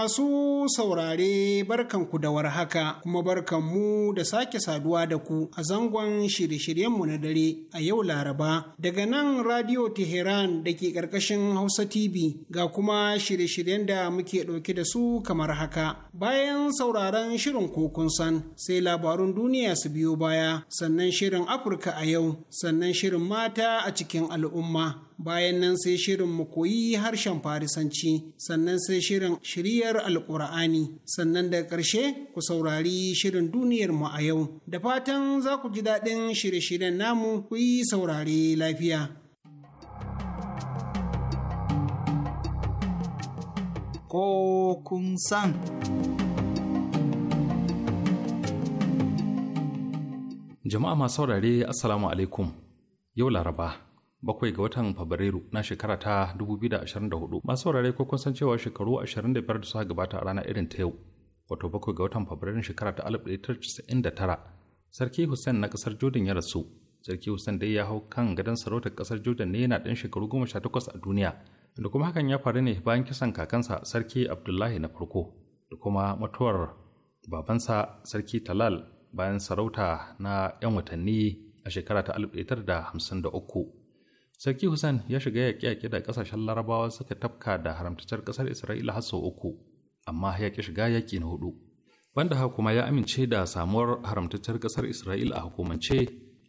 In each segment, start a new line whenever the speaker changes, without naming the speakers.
Masu saurare barkan ku da warhaka kuma barkanmu da sake saduwa da ku a zangon shirye-shiryenmu na dare a yau Laraba daga nan Radio Teheran da ke ƙarƙashin Hausa TV ga kuma shirye-shiryen da muke ɗauke da su kamar haka. Bayan sauraron shirin kokun san sai labarun duniya su biyo baya sannan shirin Afirka a yau sannan shirin mata a cikin al'umma. bayan nan sai shirin mu koyi harshen farisanci sannan sai shirin shiryar alkur'ani sannan daga ƙarshe ku saurari shirin duniyar mu a yau da fatan za ku ji daɗin shirye-shiryen namu ku yi saurare lafiya ko kun san
jama'a masu saurare assalamu alaikum yau laraba bakwai ga watan fabrairu na shekara ta 2024 masu saurare ko kun san cewa shekaru 25 da suka gabata a ranar irin ta yau wato bakwai ga watan Fabrairu shekara ta 1999 sarki hussein na kasar jordan ya rasu sarki hussein dai ya hau kan gadon sarautar kasar jordan ne yana ɗan shekaru 18 a duniya da kuma hakan ya faru ne bayan kisan kakansa sarki abdullahi na farko da kuma mutuwar babansa sarki talal bayan sarauta na 'yan watanni a shekara ta 1953 sarki hussein ya shiga yaƙe-yaƙe da ƙasashen larabawa suka tafka da haramtaccen ƙasar isra'ila har sau uku amma ya ƙi shiga yaƙi na hudu Wanda haka kuma ya amince da samuwar haramtaccen ƙasar isra'ila a hukumance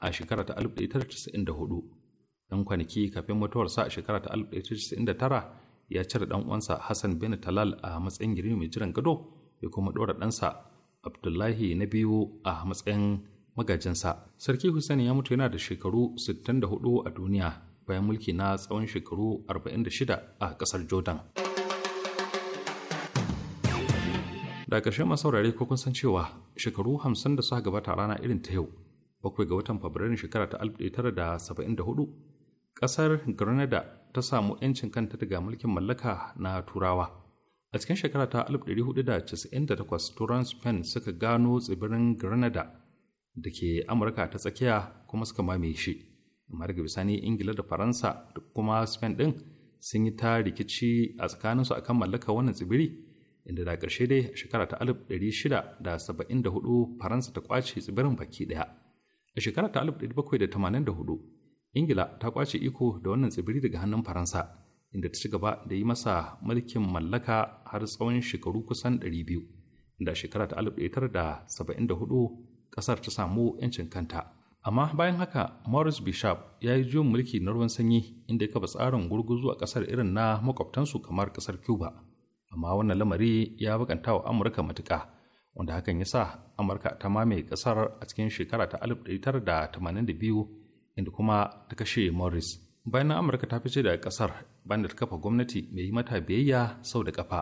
a shekara ta 1994 dan kwanaki kafin mutuwarsa a shekara ta 1999 ya cire dan uwansa hassan bin talal a matsayin girmi mai jiran gado ya kuma ɗora ɗansa abdullahi na biyu a matsayin magajinsa sarki hussein ya mutu yana da shekaru 64 a duniya bayan mulki na tsawon shekaru 46 a kasar jordan da ƙarshen masu saurare ko kun san cewa shekaru 50 da suka gabata rana irin ta yau bakwai ga watan fabrairun shekara ta 1974 ƙasar grenada ta samu 'yancin kanta daga mulkin mallaka na turawa a cikin shekara ta 1498 turan spain suka gano tsibirin grenada da ke amurka ta tsakiya kuma suka mamaye shi kamar daga bisani ingila da faransa da kuma spain din sun yi ta rikici a tsakaninsu akan mallaka wannan tsibiri inda da ƙarshe dai a shekara ta 1674 faransa ta kwace tsibirin baki daya a shekara ta 1784 ingila ta kwace iko da wannan tsibiri daga hannun faransa inda ta ci gaba da yi masa mulkin mallaka har tsawon shekaru kusan 200 da shekara ta 1974 ƙasar ta samu 'yancin kanta amma bayan haka morris bishop ya yi juyin mulki na ruwan sanyi inda ya kafa tsarin gurguzu a kasar irin na makwabtansu kamar kasar cuba amma wannan lamari ya bakanta wa amurka matuka wanda hakan ya sa amurka ta mame kasar a cikin shekara ta 1982 inda kuma ta kashe morris bayan amurka ta fice daga kasar bayan da ta kafa gwamnati mai yi mata biyayya sau da kafa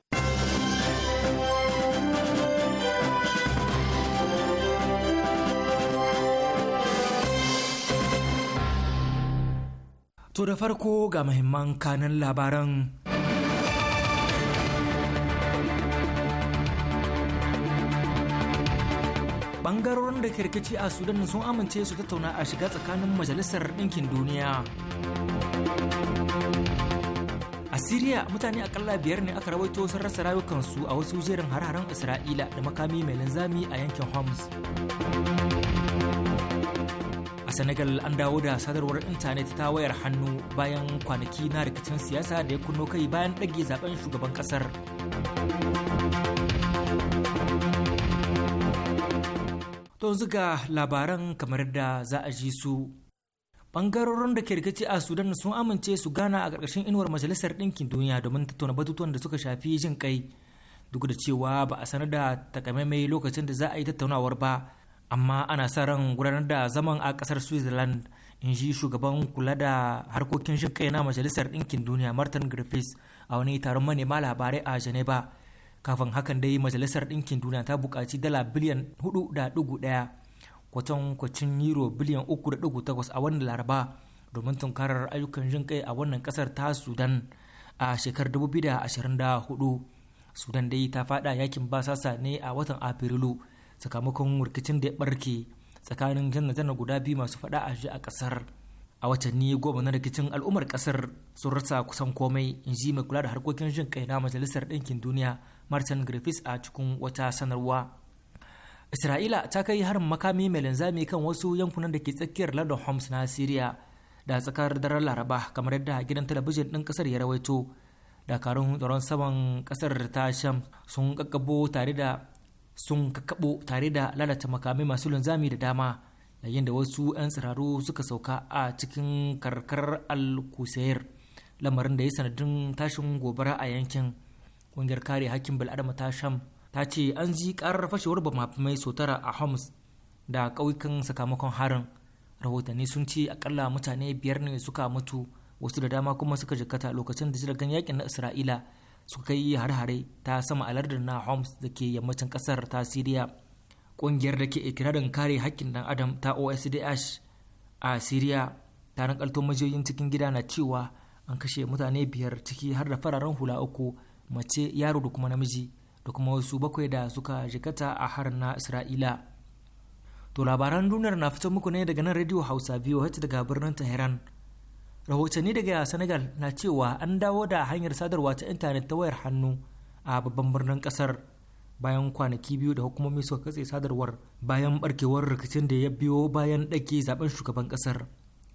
To da farko ga mahimman kanan labaran. Bangarorin da ke rikici a Sudan sun amince su tattauna a shiga tsakanin Majalisar Ɗinkin Duniya. A Siriya mutane akalla biyar ne aka rawaito sun rasa rayukansu a wasu jerin har-haren Isra'ila da makami mai linzami a yankin Homs. a senegal an dawo da sadarwar intanet ta wayar hannu bayan kwanaki na rikicin siyasa da ya kunno kai bayan ɗage zaben shugaban ƙasar don ga labaran kamar da za a ji su bangarorin da ke rikici a sudan sun amince su gana a ƙarƙashin inuwar majalisar ɗinkin duniya domin tattauna batutuwan da suka shafi jin kai duk da cewa ba a sanar da takamaimai lokacin da za a yi tattaunawar ba amma ana sa ran gudanar da zaman a kasar switzerland in ji shugaban kula da harkokin kai na majalisar ɗinkin duniya martin griffiths a wani taron manema labarai a geneva kafin hakan dai majalisar ɗinkin duniya ta buƙaci dala biliyan 4.1 kwacin euro biliyan 3.8 a wannan laraba domin tunkarar ayyukan jin kai a wannan kasar ta sudan a shekarar 2024 sudan dai ta fada yakin basasa ne a watan afrilu sakamakon rikicin da ya barke tsakanin janna-janna guda biyu masu faɗa a shi a kasar a watanni goma na rikicin al'ummar kasar sun rasa kusan komai in ji mai kula da harkokin jin kai na majalisar ɗinkin duniya martin griffiths a cikin wata sanarwa isra'ila ta kai harin makami mai linzami kan wasu yankunan da ke tsakiyar london homs na syria da tsakar daren laraba kamar yadda gidan talabijin ɗin kasar ya rawaito dakarun tsaron saman kasar ta sham sun kakkabo tare da sun kakaɓo tare da lalata makamai masu linzami da dama yayin da wasu 'yan tsiraru suka sauka a cikin karkar al lamarin da ya sanadin tashin gobara a yankin ƙungiyar kare hakkin bil'adama ta sham ta ce an ji karar fashewar bamafimai sotara a homs da ƙauyukan sakamakon harin rahotanni sun ce akalla mutane biyar ne suka mutu wasu da dama kuma suka jikata lokacin da jiragen yakin na isra'ila suka kai hare-hare ta sama a lardin na Homs da ke yammacin kasar ta Siriya. Ƙungiyar da ke ikirarin kare haƙƙin ɗan adam ta OSDH a Siriya ta nakalto majiyoyin cikin gida na cewa an kashe mutane biyar ciki har da fararen hula uku mace yaro da kuma namiji da kuma wasu bakwai da suka jikata a harin na Isra'ila. To labaran duniyar na fito muku ne daga nan Radio Hausa VOH daga birnin Tehran. rahotanni daga senegal na cewa an dawo da hanyar sadarwa ta intanet ta wayar hannu a babban birnin kasar bayan kwanaki biyu da hukumomi suka katse sadarwar bayan barkewar rikicin da ya biyo bayan ɗage zaben shugaban kasar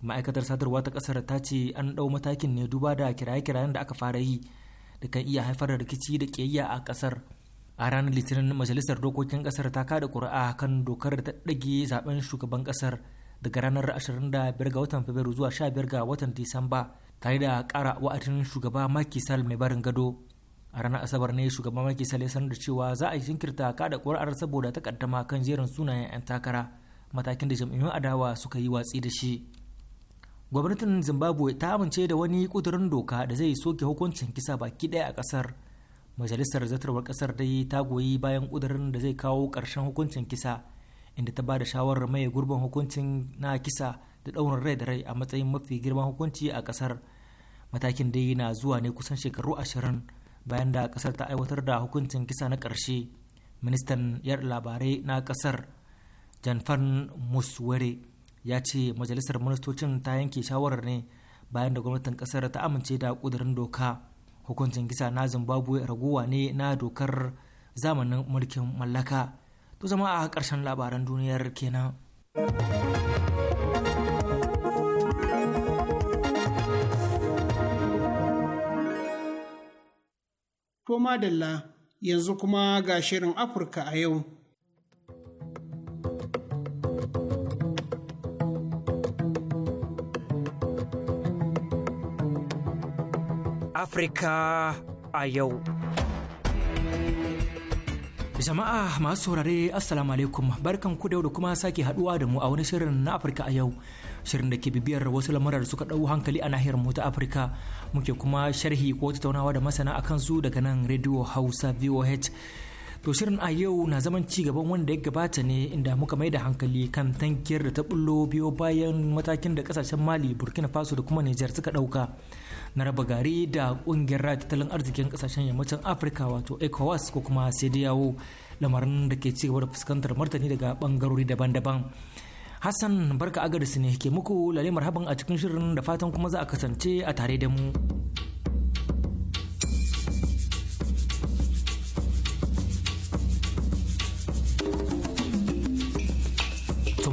ma'aikatar sadarwa ta kasar ta ce an ɗau matakin ne duba da kiraye-kirayen da aka fara yi da kan iya haifar da rikici da ƙiyayya a kasar a ranar litinin majalisar dokokin kasar ta kada ƙuri'a kan dokar da ta ɗage zaben shugaban kasar daga ranar 25 ga watan Fabrairu zuwa 15 ga watan Disamba tare da kara wa'adin shugaba Macky Sall mai barin gado. A ranar Asabar ne shugaba Macky Sall ya sanar da cewa za a yi jinkirta kada ƙuri'ar saboda takaddama kan jerin sunayen 'yan takara matakin da jam'iyyun adawa suka yi watsi da shi. Gwamnatin Zimbabwe ta amince da wani ƙudurin doka da zai soke hukuncin kisa baki ɗaya a kasar Majalisar zartarwar ƙasar dai ta goyi bayan kudurin da zai kawo karshen hukuncin kisa inda ta ba da shawarar mai gurbin hukuncin na kisa da ɗaurin rai da rai a matsayin mafi girman hukunci a ƙasar matakin dai na zuwa ne kusan shekaru ashirin bayan da kasar ta aiwatar da hukuncin kisa na ƙarshe ministan yar labarai na ƙasar janfan muswere ya ce majalisar ministocin ta yanke shawarar ne bayan da gwamnatin ƙasar ta amince da kudurin doka hukuncin kisa na zimbabwe raguwa ne na dokar zamanin mulkin mallaka to zama a ƙarshen labaran duniyar kenan.
To madalla yanzu kuma ga shirin Afirka a yau.
Afirka a yau. Jama'a masu saurare Assalamu alaikum barkan ku da kuma sake haduwa da mu a wani shirin na Afirka a yau. Shirin da ke bibiyar wasu lamurar suka ɗau hankali a nahiyar mu ta Afirka muke kuma sharhi ko tattaunawa da masana akan su daga nan Radio Hausa VOH. To shirin a yau na zaman ci gaban wanda ya gabata ne inda muka mai da hankali kan tankiyar da ta bullo biyo bayan matakin da kasashen Mali, Burkina Faso da kuma Nijar suka dauka na raba gari da kungiyar raya tattalin arzikin kasashen yammacin Afirka wato ECOWAS ko kuma yawo lamarin da ke ci gaba da fuskantar martani daga bangarori daban-daban. Hassan barka agaris ne ke muku lalimar haban a cikin shirin da fatan kuma za a kasance a tare da mu.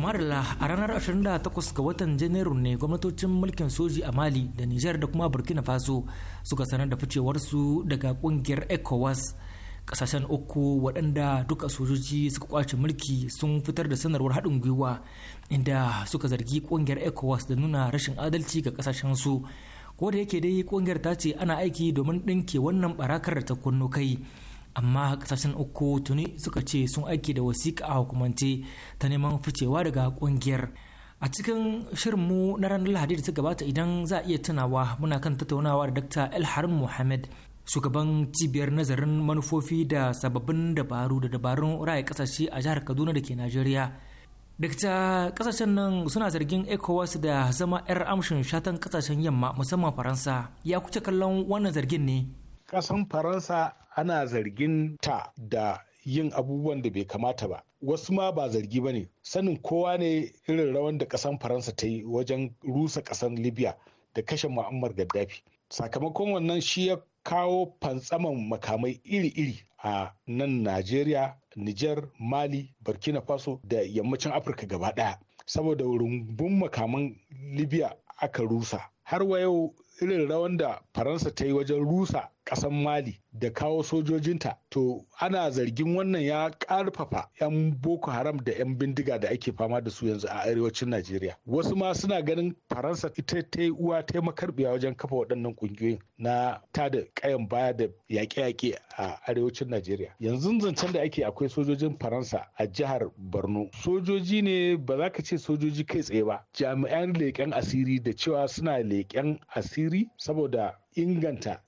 Somalia a ranar 28 ga watan Janairu ne gwamnatocin mulkin soji a Mali da Nijar da kuma Burkina Faso suka sanar da ficewarsu daga kungiyar ECOWAS. Kasashen uku waɗanda duka sojoji suka kwace mulki sun fitar da sanarwar haɗin gwiwa inda suka zargi kungiyar ECOWAS da nuna rashin adalci ga kasashen su. Ko da yake dai kungiyar ta ce ana aiki domin ɗinke wannan barakar da ta kunno kai. amma kasashen uku tuni suka ce sun aiki da wasiƙa a hukumance ta neman ficewa daga ƙungiyar a cikin shirinmu na ranar lahadi da ta gabata idan za a iya tunawa muna kan tattaunawa da dr elharin muhammed shugaban cibiyar nazarin manufofi da sababbin dabaru da dabarun raya kasashe a jihar kaduna da ke najeriya dakta kasashen nan suna zargin ecowas da zama 'yar amshin shatan kasashen yamma musamman faransa ya kuce kallon wannan zargin ne
ƙasan faransa ana zargin ta da yin abubuwan da bai kamata ba wasu ma ba zargi ba ne sanin kowa ne irin rawan da ƙasan faransa ta yi wajen rusa ƙasan libya da kashe mu'ammar gaddafi sakamakon wannan shi ya kawo fantsaman makamai iri-iri a nan najeriya niger mali burkina faso da yammacin afirka gaba ɗaya saboda rumbun makaman libya aka rusa har wa yau irin rawan da faransa ta yi wajen rusa kasan mali da kawo sojojinta to ana zargin wannan ya karfafa 'yan boko haram da 'yan bindiga da ake fama da su yanzu a arewacin najeriya wasu ma suna ganin faransa ita ta yi uwa ta wajen kafa waɗannan ƙungiyoyin na ta da ƙayan baya da yaƙe-yaƙe a arewacin najeriya yanzu zancen da ake akwai sojojin faransa a jihar borno sojoji ne ba za ka ce sojoji kai tsaye ba jami'an leƙen asiri da cewa suna leƙen asiri saboda inganta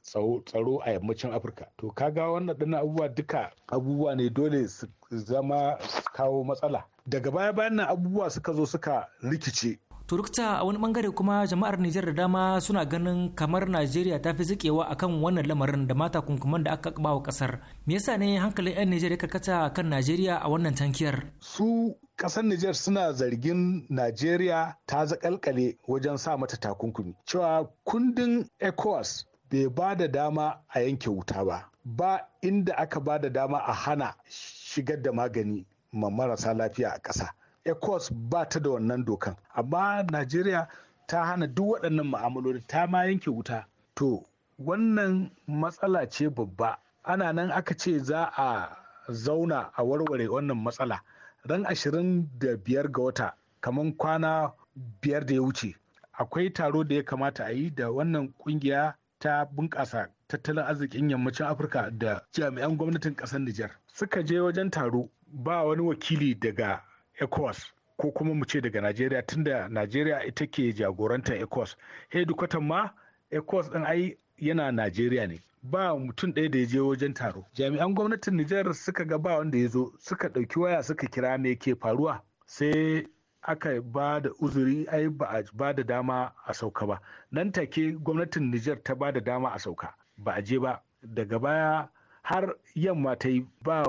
tsaro a yammacin afirka to kaga wannan dana abubuwa duka abubuwa ne dole su zama kawo matsala daga baya bayan nan abubuwa suka zo suka rikice
turukta a wani bangare kuma jama'ar nijar da dama suna ganin kamar najeriya ta fi zikewa akan wannan lamarin da mata kunkuman da aka bawa kasar me yasa ne hankalin 'yan nijar ya karkata kan najeriya a wannan tankiyar
su kasar Nijar suna zargin Najeriya ta zakalkale wajen sa mata takunkumi cewa kundin ECOWAS bai ba da dama a yanke wuta ba ba inda aka ba da dama a hana shigar da magani ma marasa lafiya a ƙasa ECOWAS ba ta da wannan dokan amma Najeriya ta hana duk waɗannan ma'amaloli ta ma yanke wuta to wannan matsala ce babba ana nan aka ce za a zauna a warware wannan matsala ran 25 ga wata kamar kwana biyar da ya wuce akwai taro da ya kamata a yi da wannan kungiya ta bunƙasa tattalin arzikin yammacin afirka da jami'an gwamnatin ƙasar nijar suka je wajen taro ba wani wakili daga ecowas ko kuma mu ce daga najeriya tunda najeriya ita ke jagorantar ecowas hedkwatan ma ecowas ɗin ai yana najeriya ne ba mutum ɗaya da ya je wajen taro jami'an gwamnatin nijar suka ga ba wanda ya zo suka ɗauki waya suka kira me ke faruwa sai aka ba da uzuri ai ba a ba da dama a sauka ba nan take gwamnatin nijar ta ba da dama a sauka ba a je ba daga baya har yamma ta yi ba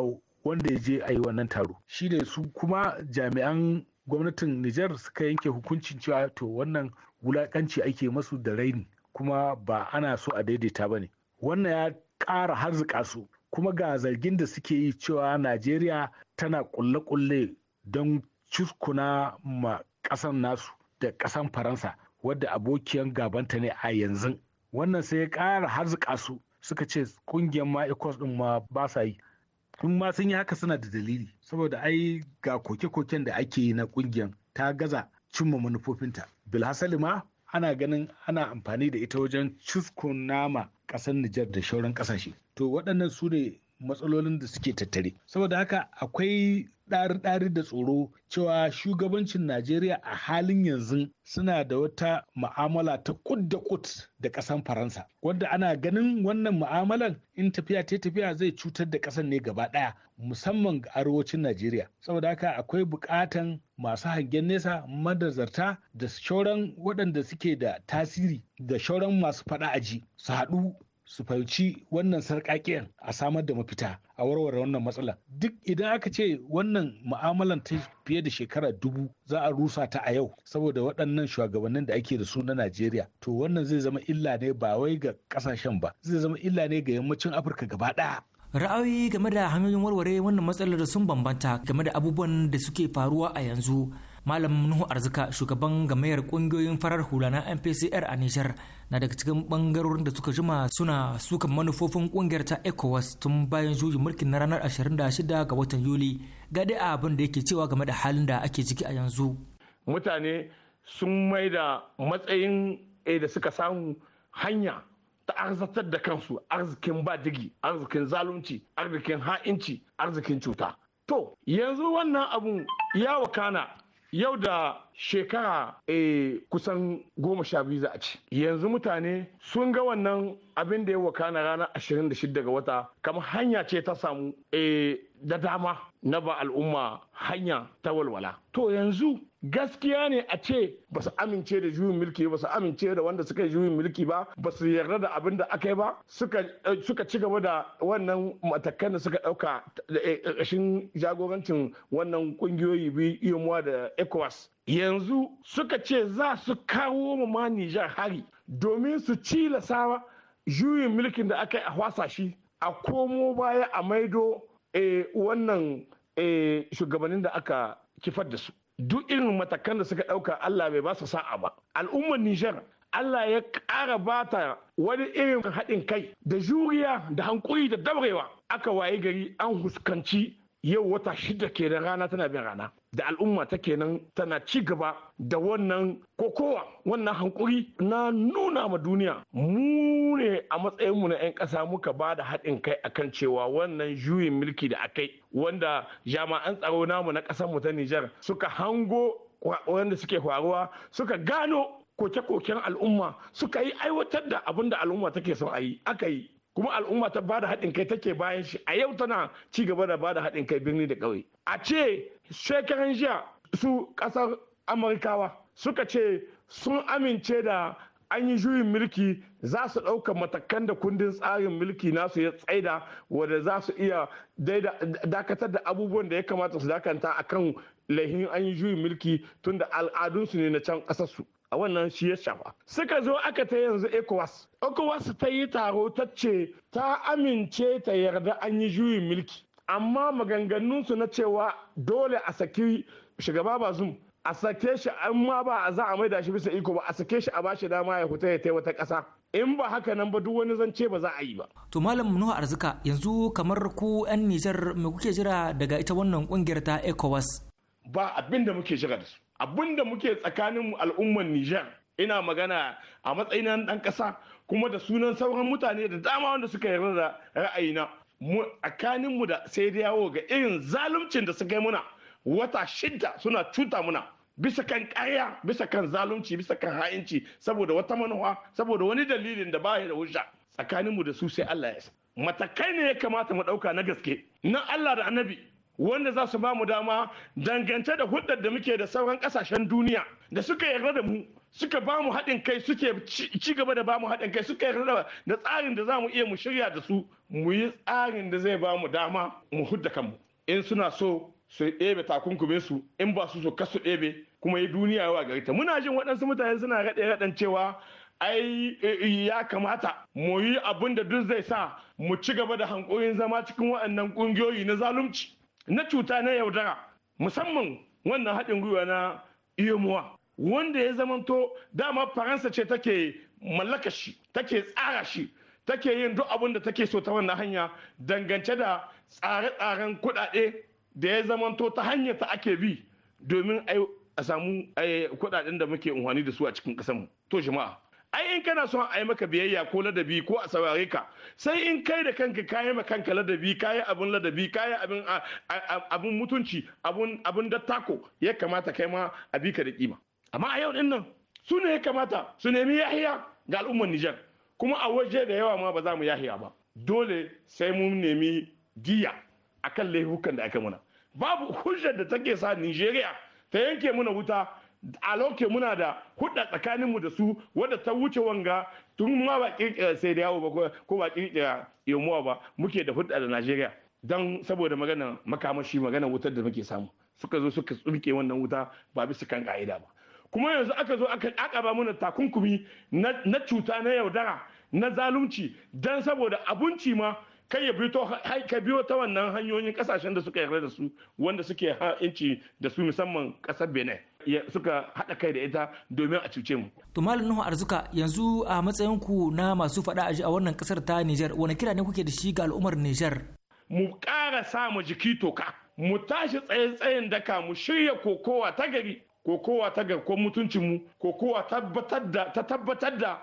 wanda ya je a yi wannan taro shi ne su kuma jami'an gwamnatin nijar suka yanke hukuncin cewa to wannan wulakanci ake masu da raini kuma ba ana so a daidaita ba ne wannan ya ƙara harzuka su kuma ga zargin da suke yi cewa najeriya tana kulle-kulle don cuskuna ma ƙasan nasu da ƙasan faransa wadda abokiyan gabanta ne a yanzu wannan sai ya ƙara harzuka su suka ce kungiyar ma ecos ɗin ma ba sa yi in ma sun yi haka suna da dalili saboda ai ga koke-koken da ake yi na kungiyar ta gaza cimma manufofinta bilhassali ma ana ganin ana amfani da ita wajen cuskuna nama. Ƙasan Nijar da shauran ƙasashe. To waɗannan su ne matsalolin da suke tattare. Saboda haka akwai ɗari-ɗari da tsoro cewa shugabancin Najeriya a halin yanzu suna da wata ma'amala ta kud da kud da ƙasan Faransa. Wanda ana ganin wannan ma'amalan in tafiya ta tafiya zai cutar da ƙasan ne gaba ɗaya musamman ga arewacin Najeriya. Saboda haka akwai buƙatan masu hangen nesa madazarta da shauran waɗanda suke da tasiri da shauran masu faɗa ji, su haɗu su fahimci wannan sarƙaƙiyar a samar da mafita a warware wannan matsala duk idan aka ce wannan ma'amalan ta fiye da shekara dubu za a rusa ta a yau saboda waɗannan shugabannin da ake da su na najeriya to wannan zai zama illa ne ba wai ga ƙasashen ba
zai zama illa ne ga yammacin afirka gaba ɗaya ra'ayoyi game da hanyoyin warware wannan matsalar sun bambanta game da abubuwan da suke faruwa a yanzu malam nuhu arzika shugaban gamayar kungiyoyin farar hula na mpcr a nijar na daga cikin bangarorin da suka jima suna sukan manufofin kungiyar ta ecowas tun bayan juyin mulkin na ranar 26 ga watan yuli ga dai abin da yake cewa game da halin da ake ciki a yanzu
mutane sun mai da matsayin eh, da suka samu hanya ta arzatar da kansu arzikin badigi arzikin zalunci arzikin ha'inci arzikin cuta to yanzu wannan abun ya wakana yau da shekara e, kusan goma sha biyu za a ci yanzu mutane sun ga wannan abin da ya wakana ranar 26 ga wata kamar hanya ce ta samu e, da dama na ba al'umma hanya ta walwala to yanzu gaskiya ne a ce ba su amince da juyin mulki ba su amince da wanda suka yi juyin mulki ba ba su yarda da abin da aka yi ba suka ci gaba da wannan matakan da suka dauka eh, eh, ƙarshen jagorancin wannan kungiyoyi biyu muwa da ecowas yanzu suka ce za su kawo ma nijar hari domin su cilasa juyin mulkin da aka yi a shi a komo baya a maido Eh, wannan eh, shugabannin da aka kifar da su duk irin matakan da suka ɗauka Allah bai ba su sa'a ba al'ummar Nijar Allah ya ƙara bata wani irin haɗin kai da juriya da hankuri da daurewa aka waye gari an huskanci yau wata shida kenan rana tana bin rana da al'umma ta kenan tana ci gaba da wannan kokowa wannan hankuri na nuna ma duniya mu ne a matsayinmu na 'yan ƙasa muka ba da haɗin kai akan cewa wannan juyin mulki da akai wanda jami'an tsaro namu na ƙasarmu ta Nijar suka hango wanda suke faruwa suka gano koke-koken al'umma suka yi aiwatar da abin da al'umma take son a yi aka yi kuma al'umma ta bada haɗin kai take bayan shi a yau tana ci gaba da bada haɗin kai birni da ƙauye a ce shekaran jiya su ƙasar amurkawa suka ce sun amince da an yi juyin mulki za su ɗauka matakan da kundin tsarin mulki nasu ya tsaida wadda za su iya dakatar da abubuwan da ya kamata su dakanta akan laihin an yi juyin mulki tunda al'adunsu ne na can ƙasarsu a wannan shi ya shafa suka zo aka ta yanzu ecowas ecowas ta yi taro ta ce ta amince ta yarda an yi juyin mulki amma maganganunsu na cewa dole a saki shugaba bazum a sake shi amma ba a za a maida shi bisa iko ba a sake shi a ba shi dama ya fita ya wata ƙasa in ba haka nan ba duk wani zance ba za
a yi ba. To Malam Nuhu Arzika yanzu kamar ku 'yan Nijar me kuke jira daga ita wannan kungiyar ta ECOWAS? Ba abinda muke jira da su. abin da muke tsakanin al'ummar
Nijar ina magana a matsayin ɗan ƙasa kuma da sunan sauran mutane da dama wanda suka yarda da ra'ayina mu mu da sai da yawo ga irin zaluncin da suka yi muna wata shidda suna cuta muna bisa kan ƙarya bisa kan zalunci bisa kan ha'inci saboda wata manufa saboda wani dalilin da baya da hujja tsakaninmu da su sai Allah ya sa. matakai ne ya kamata mu ɗauka na gaske na Allah da annabi wanda za su ba mu dama dangance da hudar da muke da sauran kasashen duniya da suka yarda da mu suka ba mu haɗin kai suke ci gaba da ba mu haɗin kai suka yarda da tsarin da za mu iya mu shirya da su mu yi tsarin da zai ba mu dama mu hudda kanmu in suna so su ɗebe takunkumin su in ba su so ka su ɗebe kuma yi duniya yawa gari ta muna jin waɗansu mutane suna raɗe raɗan cewa ai eh, eh, ya kamata mu yi abin da duk zai sa mu ci gaba da hankurin zama cikin waɗannan ƙungiyoyi na zalunci na cuta na yaudara musamman wannan haɗin gwiwa na iyamuwa wanda ya zamanto dama faransa ce take mallaka shi take tsara shi take yin duk abin da take so ta wannan hanya dangance da tsare-tsaren kuɗaɗe da ya zamanto ta hanyar ta ake bi domin a samu kuɗaɗen da muke unhwani da su a cikin ƙasarmu to jama'a ai in kana son a yi maka biyayya ko ladabi ko a saurare ka sai in kai da kanka kayi ma kanka ladabi yi abun ladabi kayi abin abun mutunci abun dattako ya kamata kai ma a bi ka da kima amma a yau din nan su ne ya kamata su nemi yahiya ga al'ummar Nijar kuma a waje da yawa ma ba za mu yahiya ba dole sai mun nemi diya akan laifukan da aka muna babu hujjar da take sa Nijeriya ta yanke muna wuta a loke muna da hudda tsakaninmu da su wadda ta wuce wanga tun ma ba kirkira sai da yawo ba ko ba kirkira yomuwa ba muke da hudda da najeriya don saboda magana makamashi magana wutar da muke samu suka zo suka tsumke wannan wuta ba bisa kan ka'ida ba kuma yanzu aka zo aka akaba mana takunkumi na cuta na yaudara na zalunci don saboda abinci ma kai ya biyo ta wannan hanyoyin kasashen da suka yarda da su wanda suke inci da su musamman kasar benin suka haɗa kai da ita domin
a cuce mu. to malam nuhu arzuka yanzu a matsayin ku na masu faɗa a a wannan kasar ta niger wani kira ne kuke da shi ga al'ummar niger. mu ƙara mu jiki toka mu
tashi tsaye tsayin daka mu shirya kokowa ta gari kokowa ta mutuncin mutuncinmu kokowa ta tabbatar da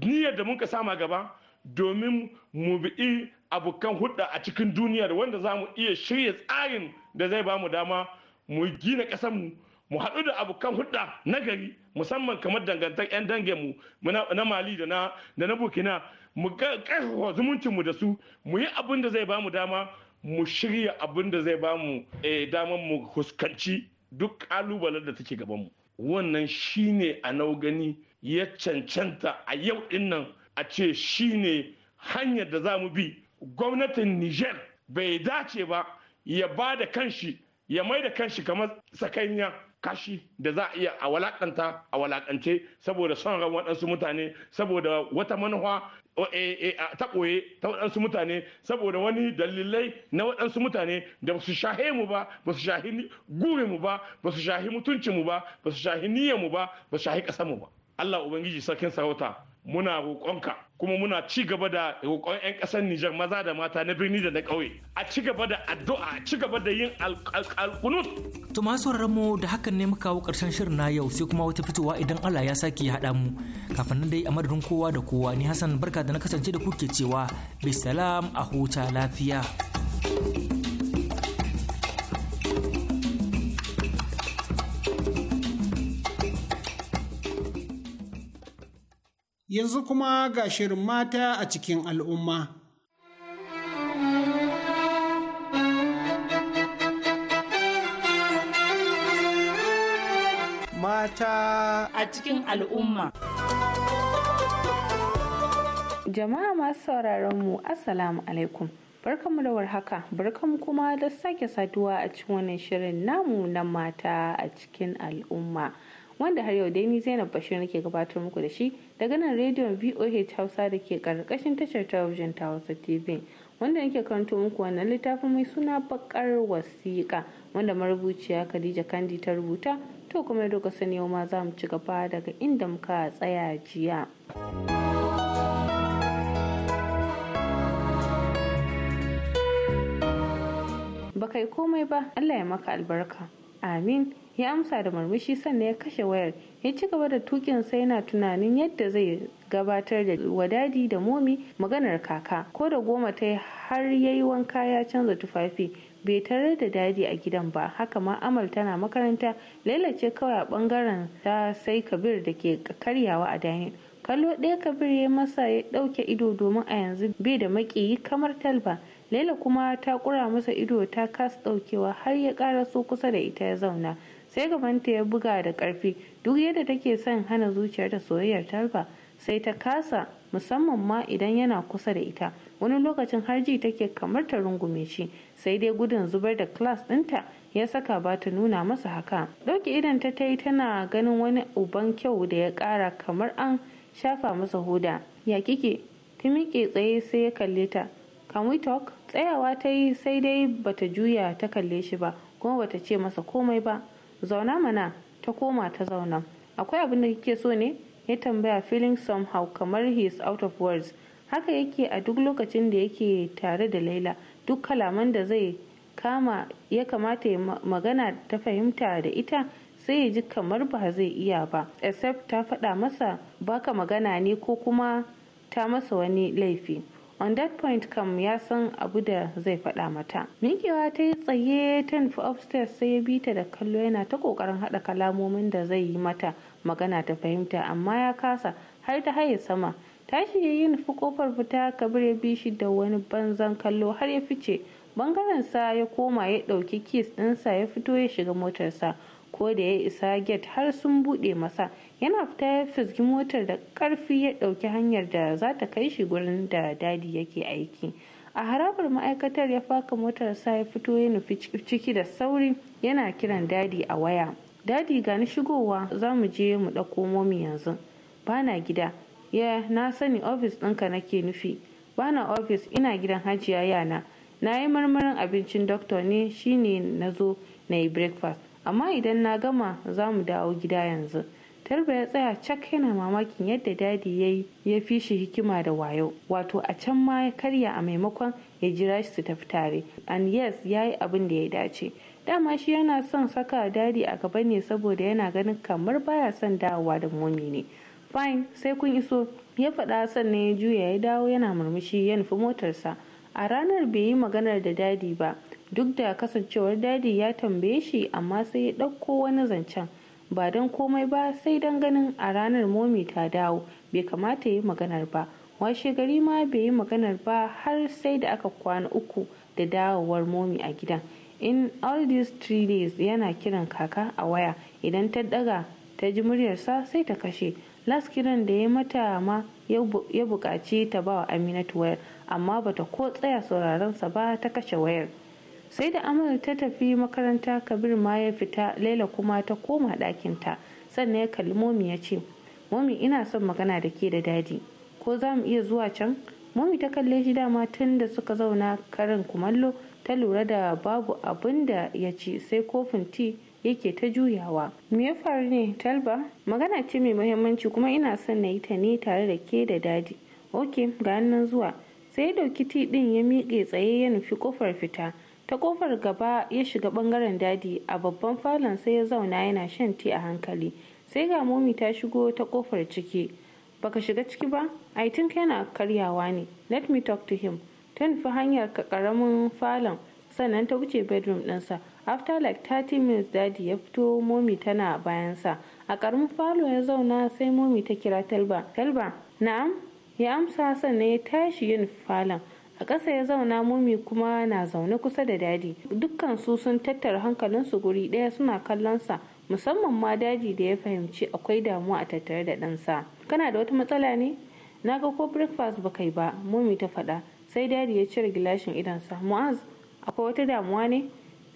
niyyar da muka sama gaba domin mu bi abokan hudda a cikin duniya da wanda za mu iya shirya tsarin da zai ba mu dama mu gina kasan mu Mu haɗu da abokan hudda na gari musamman kamar dangantar 'yan mu na mali da na burkina mu ƙarfafa mu da su mu yi abin da zai ba mu dama mu shirya abin da zai ba mu eh, damar mu huskanci duk ƙalubalen da take mu. wannan shine a nau gani ya cancanta a yau dinnan a ce shine hanyar da za mu bi gwamnatin niger bai dace ba ya ba da kanshi ya mai da kanshi kamar tsakanin kashi da za a iya a walakanta a walakance saboda son ran waɗansu mutane saboda wata manuwa e, e, ta ɓoye ta waɗansu mutane saboda wani dalilai na waɗansu mutane da ba su shahe mu ba ba su shahi gure mu ba ba su shahi mutuncin mu ba ba su shahi niyyar mu ba ba su shahi ƙasar mu ba Allah Ubangiji sarkin sarauta muna roƙonka kuma muna ci gaba da roƙon 'yan ƙasar Nijar maza da mata na birni da na ƙauye a ci gaba da addu'a a ci gaba da yin
alƙunut. To masu mu da hakan ne muka kawo ƙarshen shirin na yau sai kuma wata fitowa idan Allah ya sake ya haɗa mu kafin nan dai a madadin kowa da kowa ni Hassan barka da na kasance da kuke cewa bisalam a huta lafiya. thank you
yanzu kuma ga shirin mata a cikin al'umma.
Mata a cikin al'umma. Jama'a masu sauraron mu, Assalamu alaikum. barkanmu da warhaka barkanmu kuma da sake saduwa a cikin wannan shirin namu na mata a cikin al'umma wanda har yau dai ni zainab bashir nake gabatar muku da shi daga nan rediyon voh hausa da ke karkashin tashar talabijin ta hausa tv wanda nake karanto muku wannan littafin mai suna bakar wasiƙa wanda marubuciya khadija kandi ta rubuta to kuma ya doka sani yau ma za mu ci gaba daga inda muka tsaya jiya. baka yi komai ba Allah ya maka albarka amin ya amsa da murmushi sannan ya kashe wayar ya ci gaba da tukin sai yana tunanin yadda zai gabatar da wadadi da momi maganar kaka ko da goma ta har ya yi wanka ya canza tufafi bai tare da dadi a gidan ba haka ma amal tana makaranta ce kawai a bangaren ta sai kabir da ke karyawa a dani kallo ɗaya kabir ya masa ya ɗauke ido domin a yanzu bai da maƙiyi kamar talba laila kuma ta ƙura masa ido ta kasa ɗaukewa har ya ƙara so kusa da ita ya zauna sai gabanta ya buga da ƙarfi duk yadda take son hana zuciyar ta soyayyar tarba sai ta kasa musamman ma idan yana kusa da ita wani lokacin har ji take kamar ta rungume shi sai dai gudun zubar da class ɗinta ya saka ba ta nuna masa haka doki idan ta yi tana ganin wani uban kyau da ya ƙara kamar an shafa masa hoda ya kike ta miƙe tsaye sai ya kalle ta can we talk tsayawa ta yi sai dai bata juya ta kalle shi ba kuma bata ce masa komai ba zauna mana ta koma ta zauna akwai abin da kike so ne ya tambaya feeling somehow kamar he is out of words haka yake a duk lokacin da yake tare da laila duk kalaman da zai kama ya kamata ya magana ta fahimta da ita sai ya ji kamar ba zai iya ba except ta faɗa masa baka magana ne ko kuma ta masa wani laifi on that point kam ya san abu da zai faɗa mata miƙewa ta yi tsaye ta nufi upstairs sai ya bita da kallo yana ta ƙoƙarin haɗa kalamomin da zai yi mata magana ta fahimta amma ya kasa har ta haye sama tashi ya yi nufi kofar fita kabir ya bi shi da wani banzan kallo har ya fice bangaren sa ya koma ya ɗauki kis ɗinsa ya fito ya shiga motarsa ko da ya isa get har sun buɗe masa yana fita ya fisgi motar da karfi ya ɗauki hanyar da za ta kai shi gurin da dadi yake aiki a harabar ma'aikatar ya faka motar sa ya fito ya nufi ciki da sauri yana kiran dadi a waya dadi gani shigowa za mu je mu dauko momi yanzu bana gida ya na sani ofis ɗinka nake nufi bana ofis ina gidan hajiya yana na yi marmarin abincin doktor ne shine na zo na yi breakfast amma idan na gama za mu dawo gida yanzu Tarba ya tsaya cak yana mamakin yadda dadi ya yi ya fi shi hikima da wayo. Wato a can ma ya karya a maimakon ya jira shi su tafi tare. And yes ya yi abin da ya dace. Dama shi yana son saka dadi a gaba ne saboda yana ganin kamar baya son dawowa da momi ne. Fine sai kun iso ya faɗa sannan ya juya ya dawo yana murmushi ya nufi motarsa. A ranar bai yi maganar da dadi ba duk da kasancewar dadi ya tambaye shi amma sai ya ɗauko wani zancen. ba don komai ba sai don ganin a ranar momi ta dawo bai kamata yi maganar ba washe gari ma bai yi maganar ba har sai da aka kwana uku da dawowar momi a gidan in all these three days yana kiran kaka a waya idan ta daga ta ji muryarsa sai ta kashe las da ya mata ma ya buƙaci ta ba wa aminatu wayar amma bata ko tsaya sauraron sa ba ta kashe wayar sai da amal ta tafi makaranta kabir ma ya fita laila kuma ta koma ɗakinta sannan ya kalli momi ya ce momi ina son magana da ke da dadi ko za mu iya zuwa can momi ta kalle shi dama tun da suka zauna karin kumallo ta lura da babu abin da ya ci sai kofin ti yake ta juyawa me ya faru ne talba magana ce mai muhimmanci kuma ina son na yi ta ne tare da ke da dadi ok ga nan zuwa sai ya dauki ti ɗin ya miƙe tsaye ya nufi kofar fita ta kofar gaba ya shiga bangaren dadi a babban falon sai ya zauna yana shan ti a hankali sai ga momi ta shigo ta kofar ciki baka shiga ciki ba i think yana karyawa ne let me talk to him ta nufi hanyar ka karamin falon sannan ta wuce bedroom dinsa. after like 30 minutes dadi ya fito momi tana bayansa a karamin falo ya zauna sai momi ta kira talba talba na'am ya amsa sannan ya tashi yin falon a ƙasa ya zauna mumi kuma na zaune kusa da dadi dukkan su sun tattara hankalinsu guri ɗaya suna kallonsa musamman ma daji da ya fahimci akwai damuwa a tattare da ɗansa kana da wata matsala ne na ga ko breakfast ba kai ba mumi ta faɗa sai dadi ya cire gilashin idansa mu'az akwai wata damuwa ne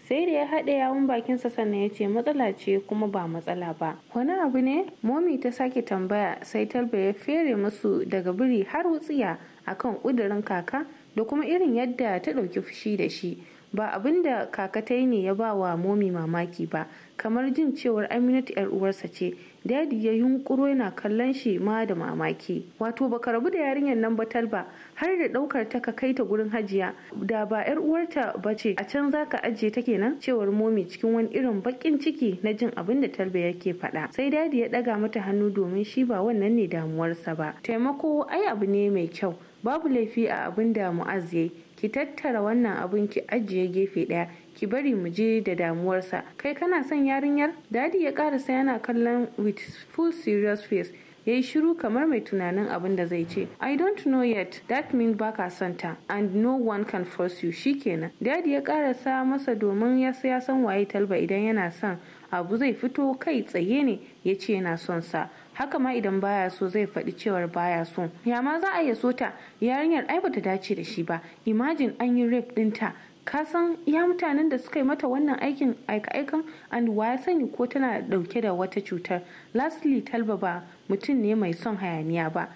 sai da ya haɗe yawun bakinsa sannan ya ce matsala ce kuma ba matsala ba wani abu ne momi ta sake tambaya sai talba ya fere musu daga biri har wutsiya akan ƙudurin kaka da kuma irin yadda ta ɗauki fushi da shi ba abin da kakatai ne ya ba wa momi mamaki ba kamar jin cewar aminatu yar uwarsa ce dadi ya yunkuro yana kallon shi ma da mamaki wato baka rabu da yarinyar nan ba talba har da daukar ta ka kai ta gurin hajiya da ba yar uwarta ba ce a can zaka ajiye ta kenan cewar momi cikin wani irin bakin ciki na jin abin da talba yake faɗa sai dadi ya ɗaga mata hannu domin shi ba wannan ne damuwarsa ba taimako ai abu ne mai kyau babu laifi a abin da mu'az yayi ki tattara wannan abin ki ajiye gefe daya ki bari mu je da damuwarsa kai kana son yarinyar dadi ya karasa yana kallon with full serious face ya yi shiru kamar mai tunanin abin da zai ce i don't know yet that means baka son ta and no one can force you shikenan dadi ya karasa masa domin ya san waye talba idan yana son abu zai fito kai tsaye ne ya ce yana son sa haka ma idan baya so zai faɗi cewar baya so ya ma za a iya so ta yarinyar ai bata dace da shi ba imajin an yi rape dinta ka san ya mutanen da suka yi mata wannan aikin aika-aikan and ya sani ko tana dauke da wata cutar lastly talba ba mutum ne mai son hayaniya ba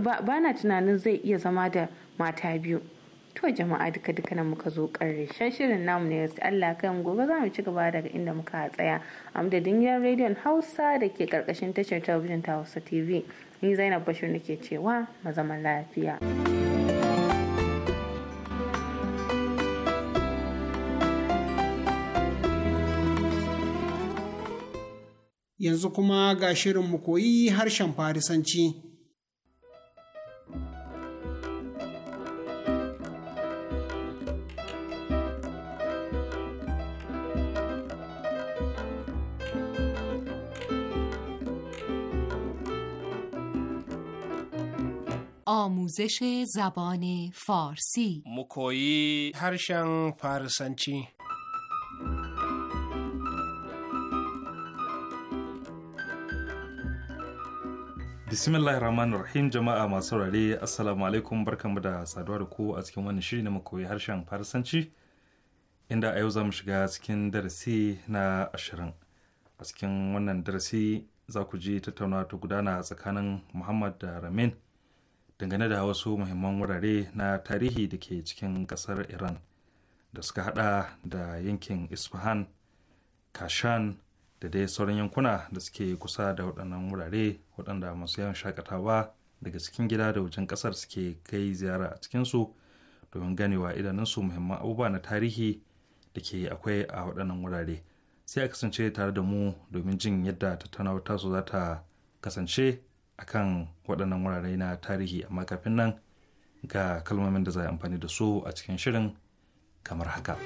ba na tunanin zai iya zama da mata biyu To jama'a duka duka nan muka zo ƙarshen shirin namu ne wasu Allah kan gobe za mu ci gaba daga inda muka tsaya a madadin gidan rediyon Hausa da ke ƙarƙashin tashar talabijin ta Hausa TV. Ni Zainab Bashir nake cewa ma zama lafiya.
Yanzu kuma ga shirin mu koyi harshen Farisanci.
آموزش زبان فارسی
مکویی هرشن rahman
rahim jama'a masu saurare assalamu alaikum barkanmu da saduwa da ku a cikin wannan shiri na makoyi harshen farisanci inda a yau za mu shiga cikin darasi na ashirin a cikin wannan darasi za ku ji tattaunawa ta gudana tsakanin muhammad da ramin dangane da wasu muhimman wurare na tarihi da ke cikin kasar iran da suka hada da yankin isfahan kashan da dai sauran yankuna da suke kusa da waɗannan wurare waɗanda masu yawan shakatawa daga cikin gida da wajen ƙasar suke kai ziyara a cikinsu domin ganewa idanunsu muhimman abubuwa na tarihi da ke akwai a waɗannan wurare sai a kasance tare da mu domin jin yadda tattaunawa tasu za ta kasance akan waɗannan wurare na tarihi amma kafin nan ga kalmomin da za a amfani da su a cikin shirin kamar haka.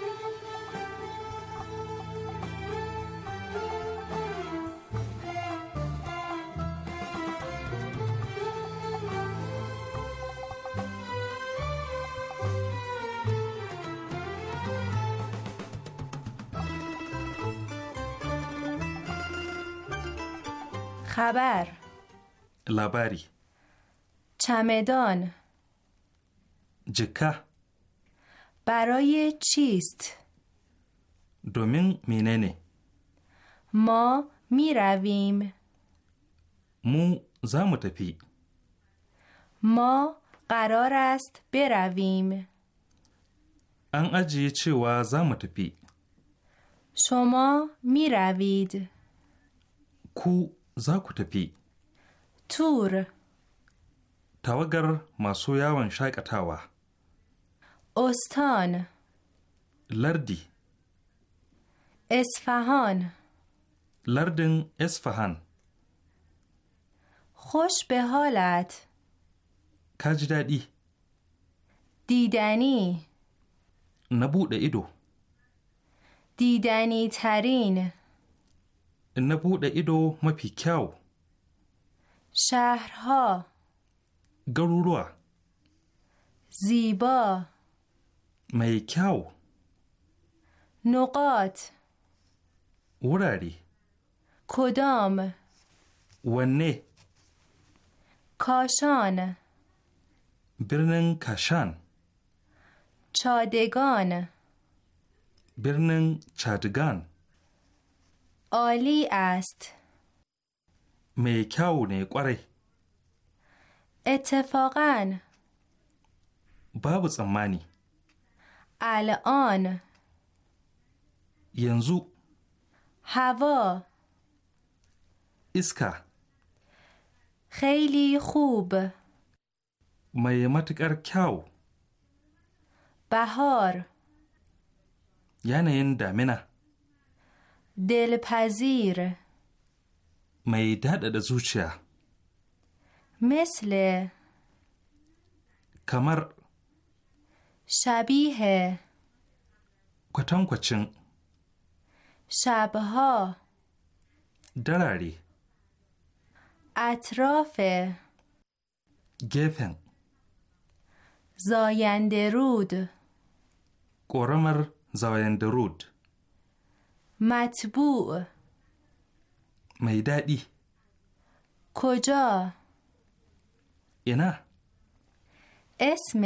خبر لاباری چمدان جکه برای چیست؟
دومین میننه
ما می رویم
مو زمو تپی
ما قرار است برویم
ان اجیه و زمو تپی
شما می روید
کو زاکو تپی تور تاوگر ماسو یاون شقتاوا
استان لردی اصفهان
لردن اصفهان
خوش به حالت
کج ددی
دیدانی
نبوده ایدو
دیدانی ترین
انبوده ایدو مفی کائو
شهرها گرورو زیبا
میکاو
نقاط وراری کدام ونه کاشان
برنن کاشان
چادگان
برنن چادگان
عالی است
می نه قره
اتفاقا
باب تسمانی
الان ینزو هوا اسکا خیلی خوب
می متکر کیاو
بهار
یعنی دامنه
دلپذیر
mai daɗa da zuciya.
misle Kamar. Shabihe.
Kwatankwacin.
Shabaho.
Darari.
Atrofe. Gefen. Zoyanderud.
Ƙoramar Zoyanderud.
Matbu. میدادی کجا کجا اینا اسم